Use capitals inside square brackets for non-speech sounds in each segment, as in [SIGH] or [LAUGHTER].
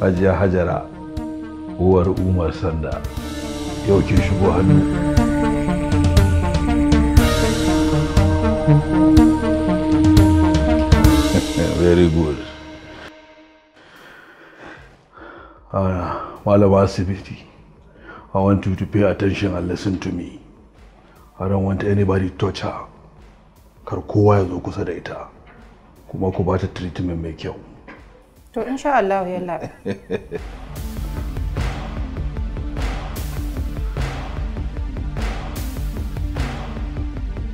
hajiya hajara uwar umar sanda yau kin shigo hannu very good ah, malama asibiti i want you to pay attention and listen to me i don't want anybody to touch her kar kowa ya zo kusa da ita kuma ku ba ta treatment mai kyau To insha Allah yalla.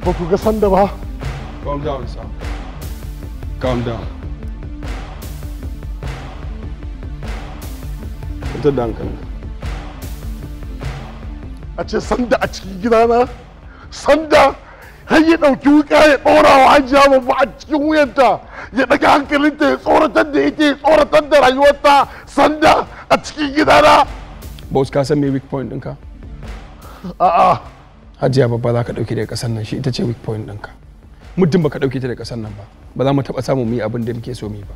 Ba ku ga sanda ba? Calm down, sir. Calm down. Kwantar da hankali. A ce sanda a cikin gidana? Sanda har ya ɗauki wuƙa ya ɗora wa hajiya babu a cikin wuyanta. ya daga ta ya tsoratar da ita tsoratar da rayuwarta sanda a cikin gidana boss ka san me weak point ɗinka a'a hajiya babba za ka ɗauki daga ƙasar nan shi ita ce weak point ɗinka muddin baka ɗauke ta daga ƙasar nan ba ba za mu taɓa samu mu yi abin da muke so mu ba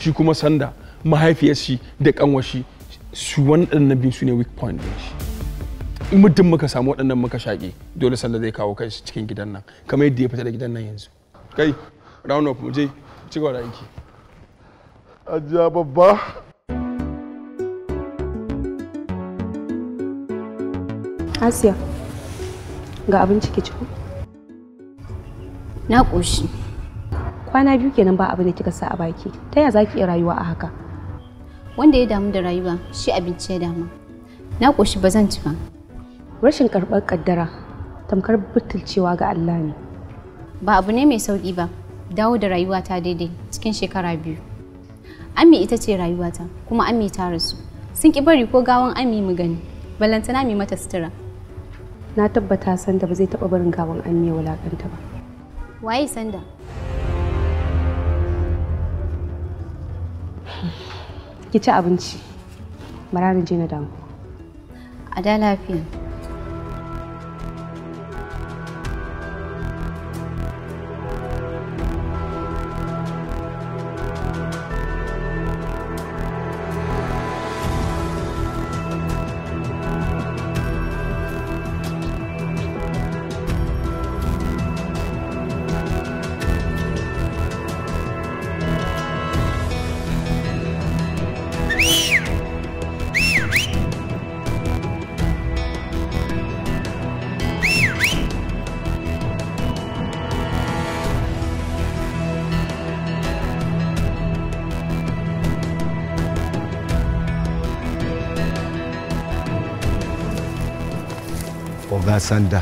shi kuma sanda mahaifiyar shi da ƙanwar shi su waɗannan biyu su ne weak point ɗin shi muddin muka samu waɗannan muka shaƙe dole sanda zai kawo kai cikin gidan nan kamar yadda ya fita da gidan nan yanzu kai round up mu je ci gaba da aiki ajiya babba Asiya ga abinci ki ci Na ƙoshi. Kwana biyu kenan ba abin da kika sa a baki. Ta ya zaki iya rayuwa a haka? Wanda ya damu da rayuwa shi abinci ya damu. Na ƙoshi ba zan ci ba. Rashin karɓar ƙaddara tamkar butulcewa ga Allah ne. Ba abu ne mai sauƙi ba. dawo da rayuwata daidai cikin shekara biyu. Ami ita ce rayuwata kuma Ami ta rasu. Sun ki bari ko gawan Ami mu gani. Balantana mi mata sutura. Na tabbata sanda ba zai taɓa barin gawan Ami ya wulakanta ba. Waye sanda? Ki ci abinci. Mararin na je na damu. A da lafiya. ga Sanda.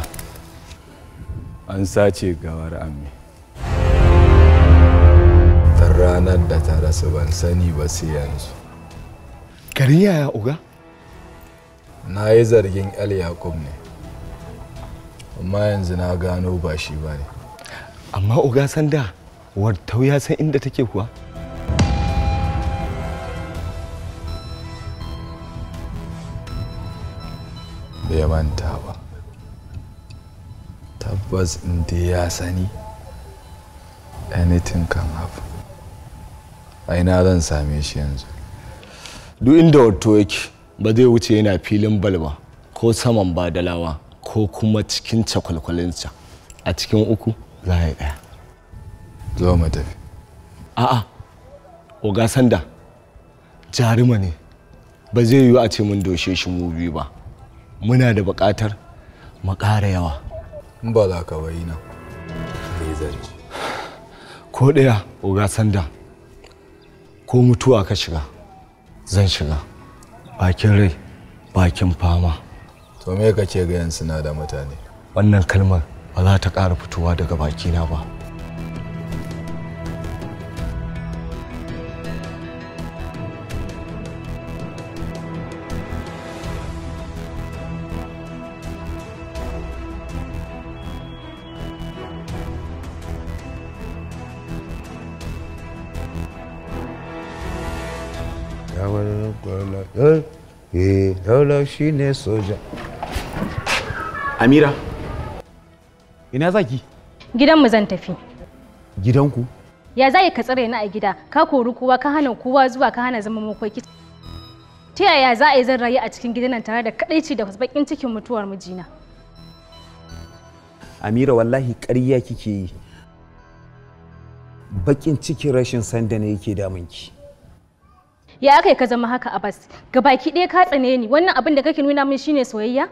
An sace gawar amme. Ta ranar da ta rasu ban sani ba sai yanzu. Garin yaya uga. Na yi zargin El Yakub ne. Amma yanzu na gano ba shi ba ne. Amma uga Sanda, wartau ya san inda take kuwa? bai manta ba tabbas inda ya sani anything can happen aina zan same shi yanzu duk inda wato yake ba zai wuce yana filin balba ko saman badalawa ko kuma cikin cakwalkwalinsa a cikin uku za a yi ɗaya zo mu tafi a'a oga sanda jaruma ne ba zai yiwu a ce mun doshe shi mu biyu ba muna da buƙatar mu ƙara yawa in ba za ka bayi nan ko ɗaya uga sanda ko mutuwa ka shiga zan shiga bakin rai bakin fama to me kake ga yansu na da mutane wannan kalmar ba za ta ƙara fitowa daga bakina ba Yolo eh, shi ne soja. Amira, ina zaki? Gidanmu zan tafi. Gidanku? Ya za ka tsare ni a gida, ka kori kowa, ka hana kowa zuwa, ka hana zama makoki. Ta yaya za a yi zan rayu a cikin gidan nan tare da kadaici da bakin cikin mutuwar mijina? Amira wallahi ƙarya kike yi. Bakin cikin rashin sanda ne yake damunki. ki. ya aka yi ka zama haka Abbas baki ɗaya ka tsane ni wannan abin da kake nuna min shine soyayya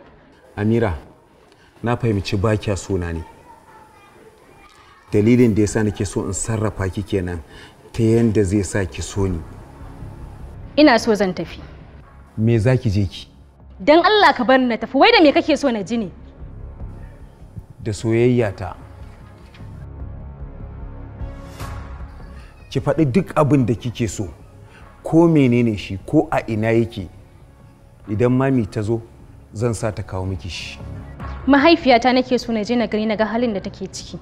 Amira na fahimci ba suna ne dalilin da yasa nake so in sarrafa ki kenan ta yanda zai sa ki so ni ina so zan tafi me za ki je ki dan Allah ka bar na tafi wai da me kake so na ji ne da soyayya ta ki faɗi duk abin da kike so ko menene shi ko a ina yake idan mami ta zo zan sa ta kawo miki shi mahaifiyata nake so na je na gani na ga halin da take ciki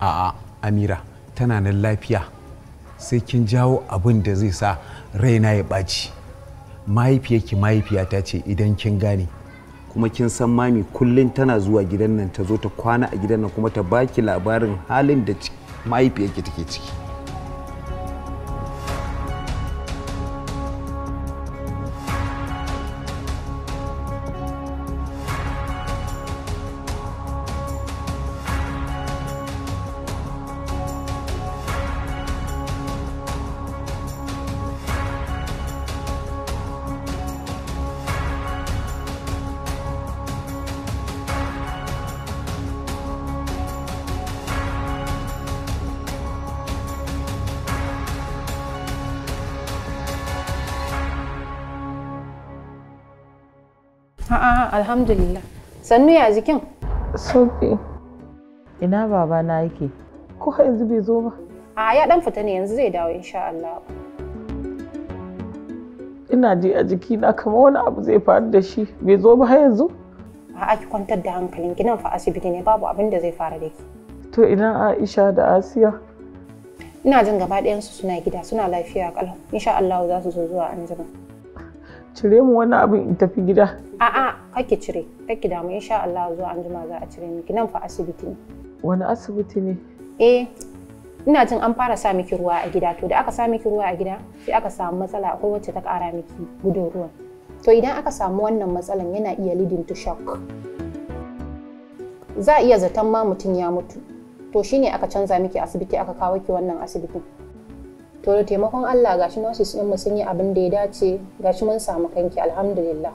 a'a amira tana nan lafiya sai kin jawo abin da zai sa raina ya ɓaci mahaifiyarki mahaifiyata ce idan kin gane kuma kin san mami kullum tana zuwa gidan nan ta zo ta kwana a gidan nan kuma ta baki labarin halin da mahaifiyarki take ciki A'a, alhamdulillah. Sannu ya jikin? Sofi. Ina baba na yake? Ko yanzu bai zo ba? A ya dan fita ne yanzu zai dawo insha Allah. Ina ji a jiki na kamar wani abu zai faru da shi. Bai zo ba har yanzu? A'a ki kwantar da hankalin ki nan fa asibiti ne babu abin da zai fara da ki. To idan Aisha da Asiya? Ina jin gaba su suna gida suna lafiya kalau. Insha Allah za su zo zuwa anjima. cire mu wani abin in tafi gida. A'a, kake cire, kake damu insha Allah zuwa an jima za a cire miki nan fa asibiti ne. Wani asibiti ne? Eh, ina jin an fara sa miki ruwa a gida to da aka sa miki ruwa a gida sai aka samu matsala akwai wacce ta kara miki gudun ruwan. To idan aka samu wannan matsalan yana iya leading to shock. Za a iya zaton ma mutum ya mutu. To shine aka canza miki asibiti aka kawo ki wannan asibitin. to da taimakon Allah gashi nurses din mu sun yi abin da ya dace gashi mun samu kanki alhamdulillah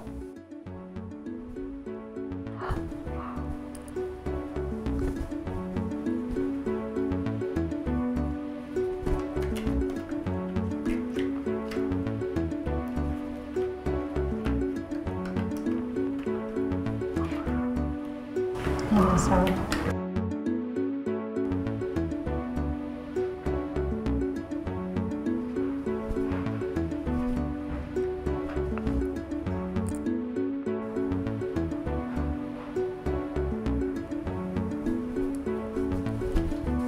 Thank you.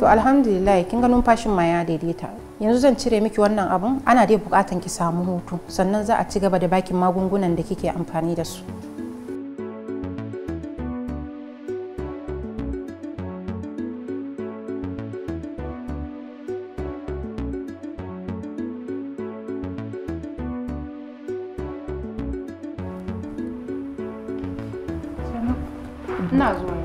to alhamdulillah kin ga numfashin ma ya daidaita yanzu zan cire miki wannan abun ana dai bukatan ki samu hutu sannan za a ci gaba da bakin magungunan da kike amfani da su ina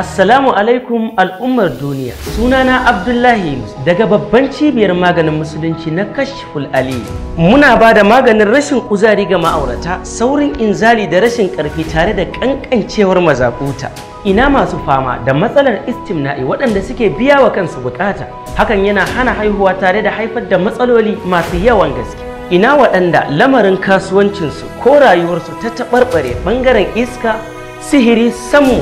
Assalamu alaikum al'ummar duniya. Sunana Abdullahi daga babban cibiyar maganin musulunci na Kashful Ali. Muna ba da maganin rashin kuzari ga ma'aurata, saurin inzali da rashin ƙarfi tare da ƙanƙancewar mazakuta. Ina masu fama da matsalar istimna'i waɗanda suke biya wa kansu bukata. Hakan yana hana haihuwa tare da haifar da matsaloli masu yawan gaske. Ina waɗanda lamarin kasuwancinsu ko rayuwarsu ta taɓarɓare ɓangaren iska sihiri samu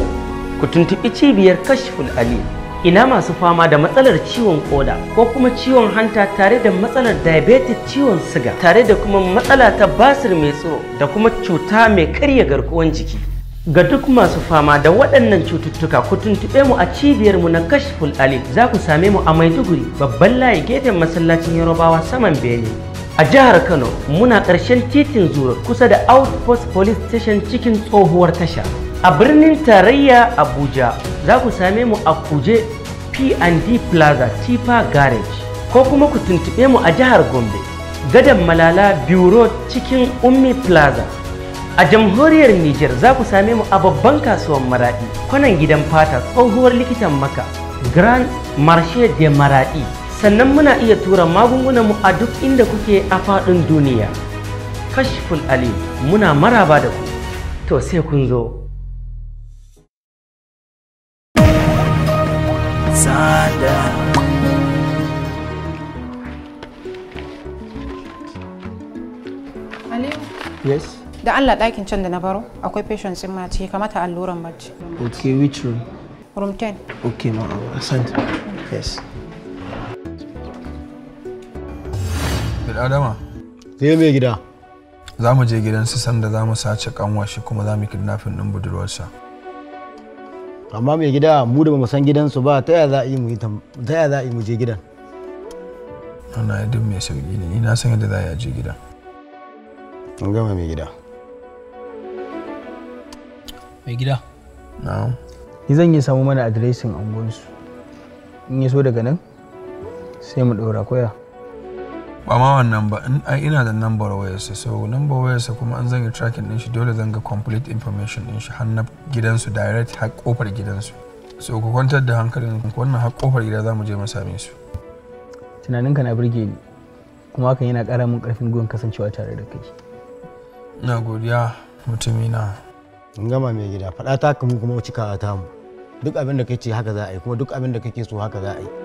ku tuntuɓi cibiyar kashful ali ina masu fama da matsalar ciwon koda ko kuma ciwon hanta tare da matsalar diabetes ciwon siga tare da kuma matsala ta basir mai tsoro da kuma cuta mai karya garkuwan jiki ga duk masu fama da waɗannan cututtuka ku tuntuɓe mu a cibiyar mu na kashful ali za ku same mu a maiduguri babban layi gefen masallacin yarobawa saman bene a jihar kano muna ƙarshen titin zura kusa da outpost police station cikin tsohuwar tasha a birnin tarayya abuja za ku same mu a kuje p&d plaza tifa garage ko kuma ku tuntube mu a jihar gombe gadon malala bureau cikin ummi plaza a jamhuriyar Nijar za ku same mu a babban Kasuwar maraɗi kwanan gidan fata tsohuwar likitan maka grand marche de maraɗi sannan muna iya tura magungunanmu a duk inda kuke a faɗin duniya kashful ali muna maraba da ku to sai kun zo sada Yes? Da Allah ɗakin can da na baro akwai patients in mace kamata alluran bacci. Okay, which room? Room 10. Okay, ma'am. Asante. Yes. Adama. Sai mai gida. Za mu je gidan su sanda za mu sace kanwa shi kuma za mu kidnafin din budurwarsa. Amma mai gida mu da bamu san gidansu ba ta yaya za a yi mu ta yaya za a yi mu je gidan. duk mai sauki ne ni na san yadda za a je gidan. An gama mai gida. Mai gida. Na'am. Ni zan yi samu mana adireshin angonsu. In yi so daga nan sai mu ɗora koya. ba ma wannan ba ina da number wayarsa so number wayarsa kuma an zanga tracking din shi dole zanga complete information din shi har na gidansu direct har kofar gidansu so ku kwantar da hankalin ku wannan har kofar gida za mu je mu same su tunaninka na burge ni kuma hakan yana ƙara min ƙarfin gwiwar kasancewa tare da kai na godiya mutumina in gama mai gida faɗa ta kuma cika ta mu duk abin da ce haka za a yi kuma duk abin da kake so haka za a yi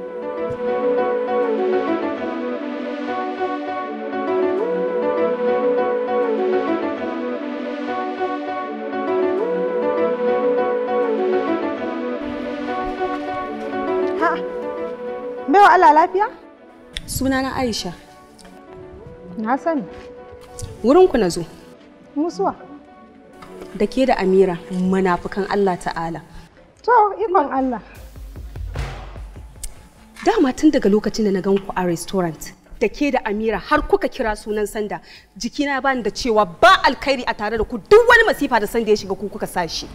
Allah lafiya? na Aisha. Na sani. Wurin ku na zo. Musuwa. Da ke da Amira munafukan Allah ta'ala. To, ikon Allah. Dama tun daga lokacin da na gan ku a restaurant da ke da Amira har kuka kira sunan sanda jikina bani da cewa ba alkhairi a tare da ku duk wani masifa da sanda ya shiga ku kuka sa shi.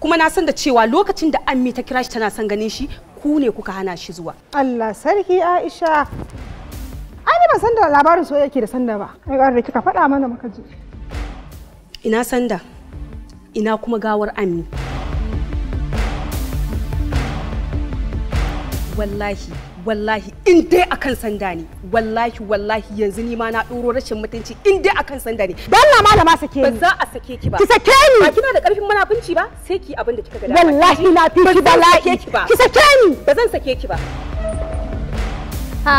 kuma na san da cewa lokacin da ammi ta kira shi tana son ganin shi ku ne kuka hana shi zuwa Allah sarki Aisha ai ba san da labarin so yake da sanda ba ai ƙarar da kika faɗa mana muka ji ina sanda ina kuma gawar ammi wallahi wallahi in dai akan sanda ne wallahi wallahi yanzu ni ma na ɗoro rashin mutunci in dai akan sanda ne Allah malama sake ni ba za a sake ki ba ki sake ni ba kina da karfin munafunci ba sai ki abin da kika ga dama wallahi na fi ki bala'i ki sake ni ba zan sake ki ba ha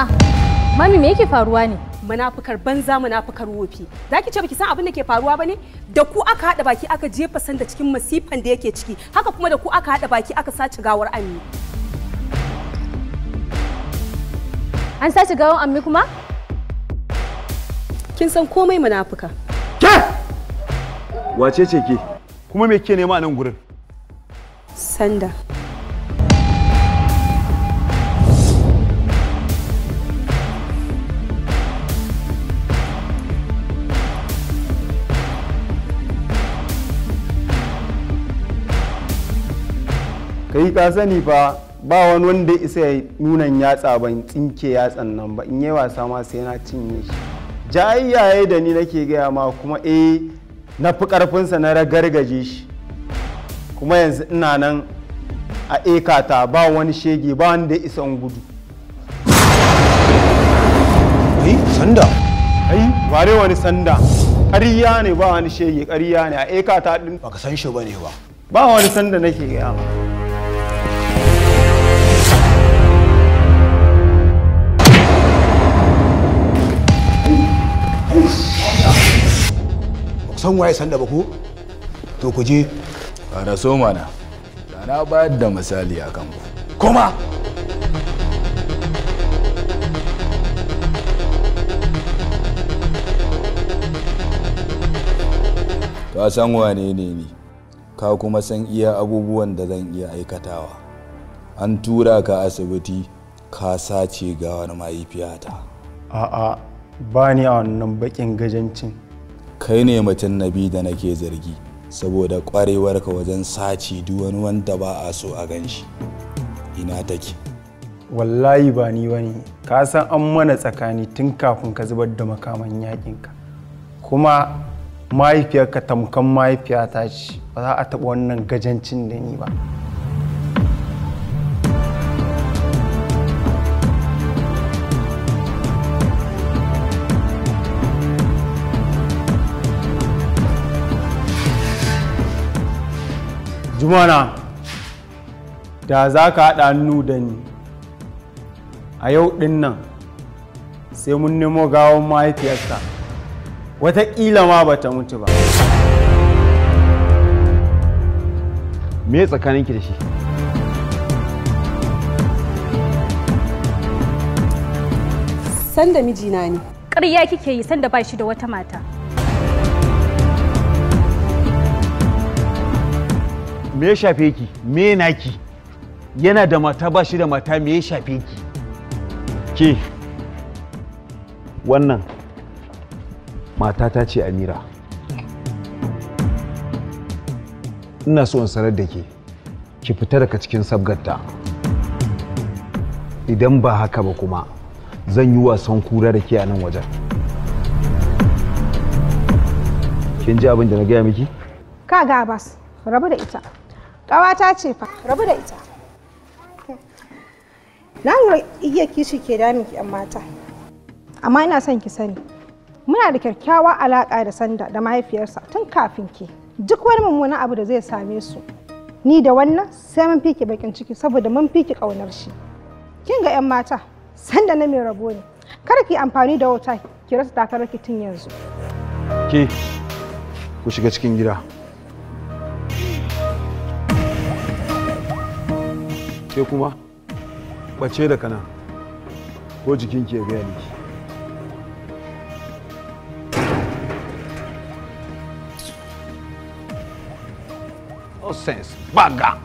mami me yake faruwa ne munafukar banza munafukar wofi zaki ce baki san abin da ke faruwa bane da ku aka hada baki aka jefa sanda cikin masifan da yake ciki haka kuma da ku aka hada baki aka sace gawar amini An sace gawan ammi kuma? Kin san komai munafuka. Ke! Wace ce ke? Kuma me ke nema a nan gurin? Sanda. Kai ka sani fa ba wani wanda isa ya nunan yatsa ban tsinke yatsan nan ba in yi wasa ma sai na cinye shi jayayyaye da ni nake gaya ma kuma eh na fi karfinsa na ragargaje shi kuma yanzu ina nan a ekata ba wani shege ba wanda ya isa gudu Ayi, sanda ai ware wani sanda ƙarya ne ba wani shege ƙarya ne a ekata din ba. ka san shi ba ne ba ba wani sanda nake gaya ma san waye sanda ba ko to ku je fara so mana na bayar da misali kan ku kuma ka san wane ne ni ka kuma san iya abubuwan da zan iya aikatawa an tura ka asibiti ka sace gawar mahaifiyata a'a ba ni a wannan bakin gajancin kai ne mutum na biyu da nake zargi saboda kwarewarka wajen sace duwan wanda ba a so a gan shi ina take wallahi ba ni wani ka san an mana tsakani tun kafin ka zubar da makaman ka kuma mahaifiyarka tamkan mahaifiyata ce ba za a taɓa wannan gajancin da ni ba jumana da za ka haɗa hannu da ni a yau ɗin nan sai mun nemo gawon mahaifiyarsa wataƙila ma ba ta mutu ba me tsakaninki da shi sanda mijina ne ƙarya kike yi sanda ba shi da wata mata me ya shafe ki me naki yana da mata ba shi da mata me ya shafe ki ke wannan matata ce amira ina so in sanar da ke ki fita daga cikin sabgarta idan ba haka ba kuma zan yi wasan kura da ke a nan wajen kin ji abin da na gaya miki? ka ga bas rabu da ita Ƙawata ce fa, rabu da ita. Na lura iya kishi ke damin ki mata. Amma ina son ki sani, muna da kyakkyawa alaƙa da Sanda da mahaifiyarsa tun kafin ki. Duk wani mummunan abu da zai same su, ni da wannan sai mun fi ki bakin ciki saboda mun fi ki ƙaunar shi. Kin ga 'yan mata, Sanda na mai rabo ne. Kar ki amfani da wuta ki rasa takarar ki tun yanzu. Ke, ku shiga cikin gida. ke kuma bace da kana ko jikin ke gaya miki sense baga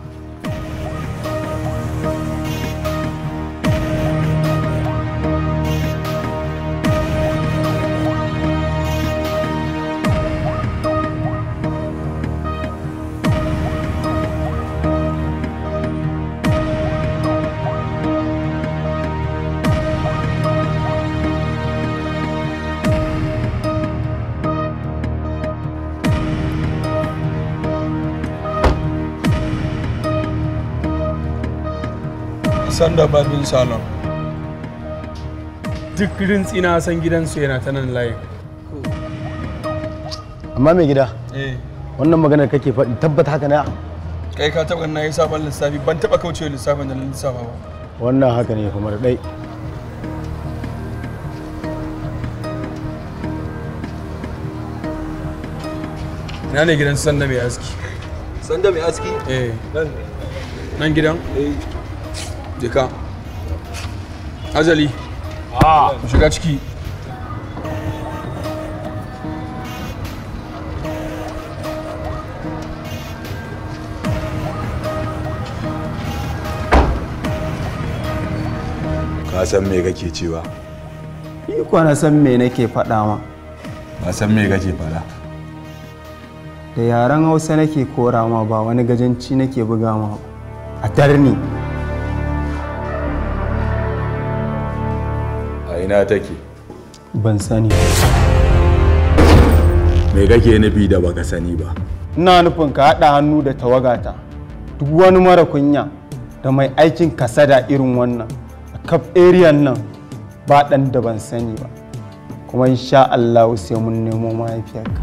sanda babin salon duk rintsi tsina san gidansu yana ta nan layi amma mai gida eh. wannan maganar kake faɗi tabbata haka na kai ka taɓa na yi sabon lissafi ban taɓa kaucewa lissafin da na lissafa ba wannan haka ne kuma da ɗai na ne gidan sanda mai aski sanda mai aski eh nan gidan eh je azali, Ah. ku shiga ciki ka san me kake cewa ni kuwa na san me nake faɗa ma ba san me kake faɗa da yaren hausa nake kora ma ba wani gajanci nake buga ma a tarni ina take ban sani me kake nufi da baka sani ba ina nufin ka haɗa hannu da tawagata duk wani mara kunya da mai aikin kasada irin wannan a kaf area nan ba ɗan da ban sani ba kuma insha Allah sai mun nemo mahaifiyarka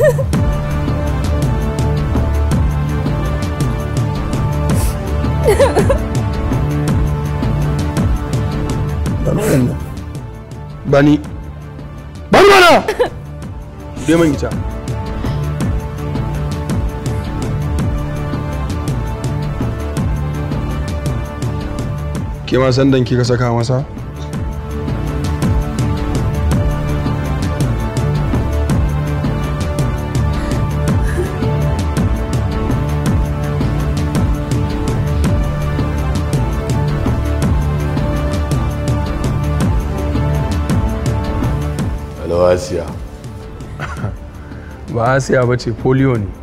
Ha [LAUGHS] Bani. Bani mana! Dai man ita. Ke ma sandan kika saka masa? asiya ba asiya ba ce polio ne